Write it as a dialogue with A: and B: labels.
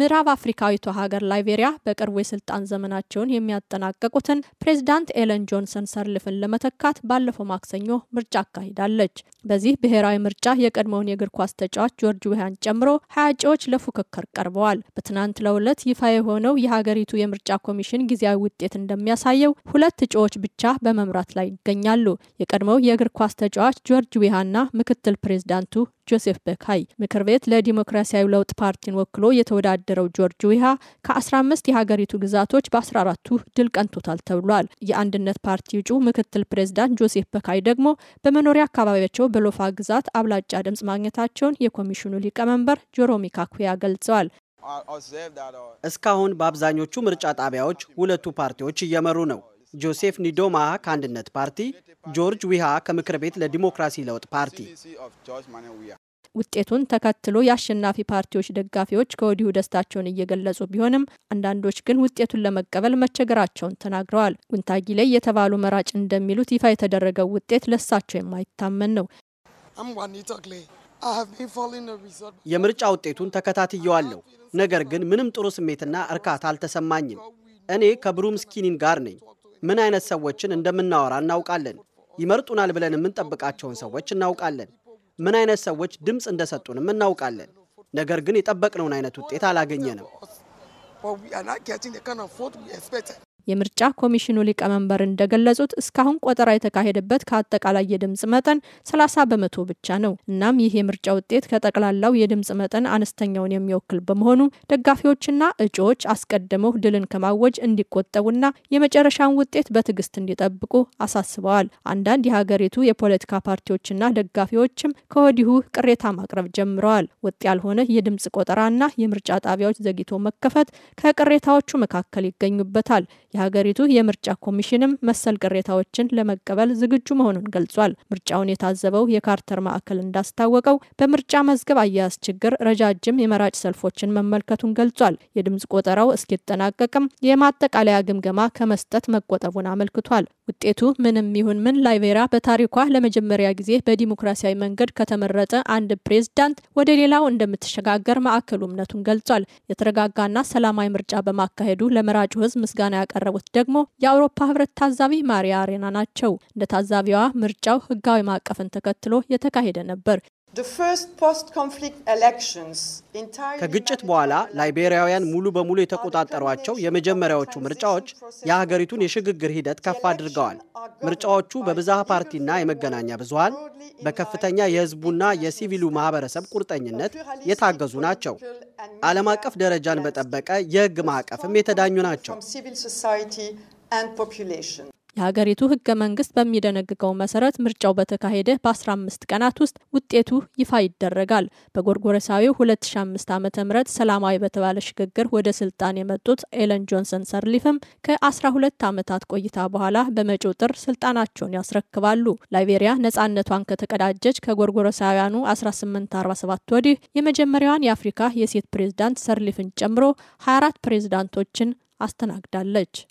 A: ምዕራብ አፍሪካዊቷ ሀገር ላይቤሪያ በቅርቡ የስልጣን ዘመናቸውን የሚያጠናቀቁትን ፕሬዚዳንት ኤለን ጆንሰን ሰርልፍን ለመተካት ባለፈው ማክሰኞ ምርጫ አካሂዳለች። በዚህ ብሔራዊ ምርጫ የቀድሞውን የእግር ኳስ ተጫዋች ጆርጅ ዊሃን ጨምሮ ሀያ እጩዎች ለፉክክር ቀርበዋል። በትናንት ለውለት ይፋ የሆነው የሀገሪቱ የምርጫ ኮሚሽን ጊዜያዊ ውጤት እንደሚያሳየው ሁለት እጩዎች ብቻ በመምራት ላይ ይገኛሉ። የቀድሞው የእግር ኳስ ተጫዋች ጆርጅ ዊሃና ምክትል ፕሬዚዳንቱ ጆሴፍ በካይ ምክር ቤት ለዲሞክራሲያዊ ለውጥ ፓርቲን ወክሎ የተወዳደ የተደራደረው ጆርጅ ዊሃ ከ15 የሀገሪቱ ግዛቶች በ14ቱ ድል ቀንቶታል ተብሏል። የአንድነት ፓርቲ እጩ ምክትል ፕሬዝዳንት ጆሴፍ በካይ ደግሞ በመኖሪያ አካባቢያቸው በሎፋ ግዛት አብላጫ ድምጽ ማግኘታቸውን የኮሚሽኑ ሊቀመንበር ጆሮሚ ካኩያ ገልጸዋል።
B: እስካሁን በአብዛኞቹ ምርጫ ጣቢያዎች ሁለቱ ፓርቲዎች እየመሩ ነው። ጆሴፍ ኒዶማ ከአንድነት ፓርቲ፣ ጆርጅ ዊሃ ከምክር ቤት ለዲሞክራሲ ለውጥ ፓርቲ
A: ውጤቱን ተከትሎ የአሸናፊ ፓርቲዎች ደጋፊዎች ከወዲሁ ደስታቸውን እየገለጹ ቢሆንም አንዳንዶች ግን ውጤቱን ለመቀበል መቸገራቸውን ተናግረዋል። ላይ የተባሉ መራጭ እንደሚሉት ይፋ የተደረገው ውጤት ለሳቸው የማይታመን ነው።
B: የምርጫ ውጤቱን ተከታትየዋለሁ። ነገር ግን ምንም ጥሩ ስሜትና እርካታ አልተሰማኝም። እኔ ከብሩም ስኪኒን ጋር ነኝ። ምን አይነት ሰዎችን እንደምናወራ እናውቃለን። ይመርጡናል ብለን የምንጠብቃቸውን ሰዎች እናውቃለን። ምን አይነት ሰዎች ድምፅ እንደሰጡንም እናውቃለን። ነገር ግን የጠበቅነውን አይነት ውጤት አላገኘንም።
A: የምርጫ ኮሚሽኑ ሊቀመንበር እንደገለጹት እስካሁን ቆጠራ የተካሄደበት ከአጠቃላይ የድምፅ መጠን 30 በመቶ ብቻ ነው። እናም ይህ የምርጫ ውጤት ከጠቅላላው የድምፅ መጠን አነስተኛውን የሚወክል በመሆኑ ደጋፊዎችና እጩዎች አስቀድመው ድልን ከማወጅ እንዲቆጠቡና የመጨረሻውን ውጤት በትዕግስት እንዲጠብቁ አሳስበዋል። አንዳንድ የሀገሪቱ የፖለቲካ ፓርቲዎችና ደጋፊዎችም ከወዲሁ ቅሬታ ማቅረብ ጀምረዋል። ወጥ ያልሆነ የድምፅ ቆጠራና የምርጫ ጣቢያዎች ዘግይቶ መከፈት ከቅሬታዎቹ መካከል ይገኙበታል። የሀገሪቱ የምርጫ ኮሚሽንም መሰል ቅሬታዎችን ለመቀበል ዝግጁ መሆኑን ገልጿል። ምርጫውን የታዘበው የካርተር ማዕከል እንዳስታወቀው በምርጫ መዝገብ አያያዝ ችግር ረጃጅም የመራጭ ሰልፎችን መመልከቱን ገልጿል። የድምፅ ቆጠራው እስኪጠናቀቅም የማጠቃለያ ግምገማ ከመስጠት መቆጠቡን አመልክቷል። ውጤቱ ምንም ይሁን ምን ላይቤሪያ በታሪኳ ለመጀመሪያ ጊዜ በዲሞክራሲያዊ መንገድ ከተመረጠ አንድ ፕሬዝዳንት ወደ ሌላው እንደምትሸጋገር ማዕከሉ እምነቱን ገልጿል። የተረጋጋና ሰላማዊ ምርጫ በማካሄዱ ለመራጩ ህዝብ ምስጋና ያቀረ ያቀረቡት ደግሞ የአውሮፓ ህብረት ታዛቢ ማሪያ አሬና ናቸው። እንደ ታዛቢዋ ምርጫው ህጋዊ ማዕቀፍን ተከትሎ የተካሄደ ነበር።
B: ከግጭት በኋላ ላይቤሪያውያን ሙሉ በሙሉ የተቆጣጠሯቸው የመጀመሪያዎቹ ምርጫዎች የሀገሪቱን የሽግግር ሂደት ከፍ አድርገዋል። ምርጫዎቹ በብዝሃ ፓርቲና የመገናኛ ብዙሃን በከፍተኛ የሕዝቡና የሲቪሉ ማህበረሰብ ቁርጠኝነት የታገዙ ናቸው። ዓለም አቀፍ ደረጃን በጠበቀ የሕግ ማዕቀፍም የተዳኙ ናቸው።
A: የሀገሪቱ ህገ መንግስት በሚደነግገው መሰረት ምርጫው በተካሄደ በ15 ቀናት ውስጥ ውጤቱ ይፋ ይደረጋል። በጎርጎረሳዊው 2005 ዓ ም ሰላማዊ በተባለ ሽግግር ወደ ስልጣን የመጡት ኤለን ጆንሰን ሰርሊፍም ከ12 ዓመታት ቆይታ በኋላ በመጪው ጥር ስልጣናቸውን ያስረክባሉ። ላይቤሪያ ነፃነቷን ከተቀዳጀች ከጎርጎረሳውያኑ 1847 ወዲህ የመጀመሪያዋን የአፍሪካ የሴት ፕሬዝዳንት ሰርሊፍን ጨምሮ 24 ፕሬዝዳንቶችን አስተናግዳለች።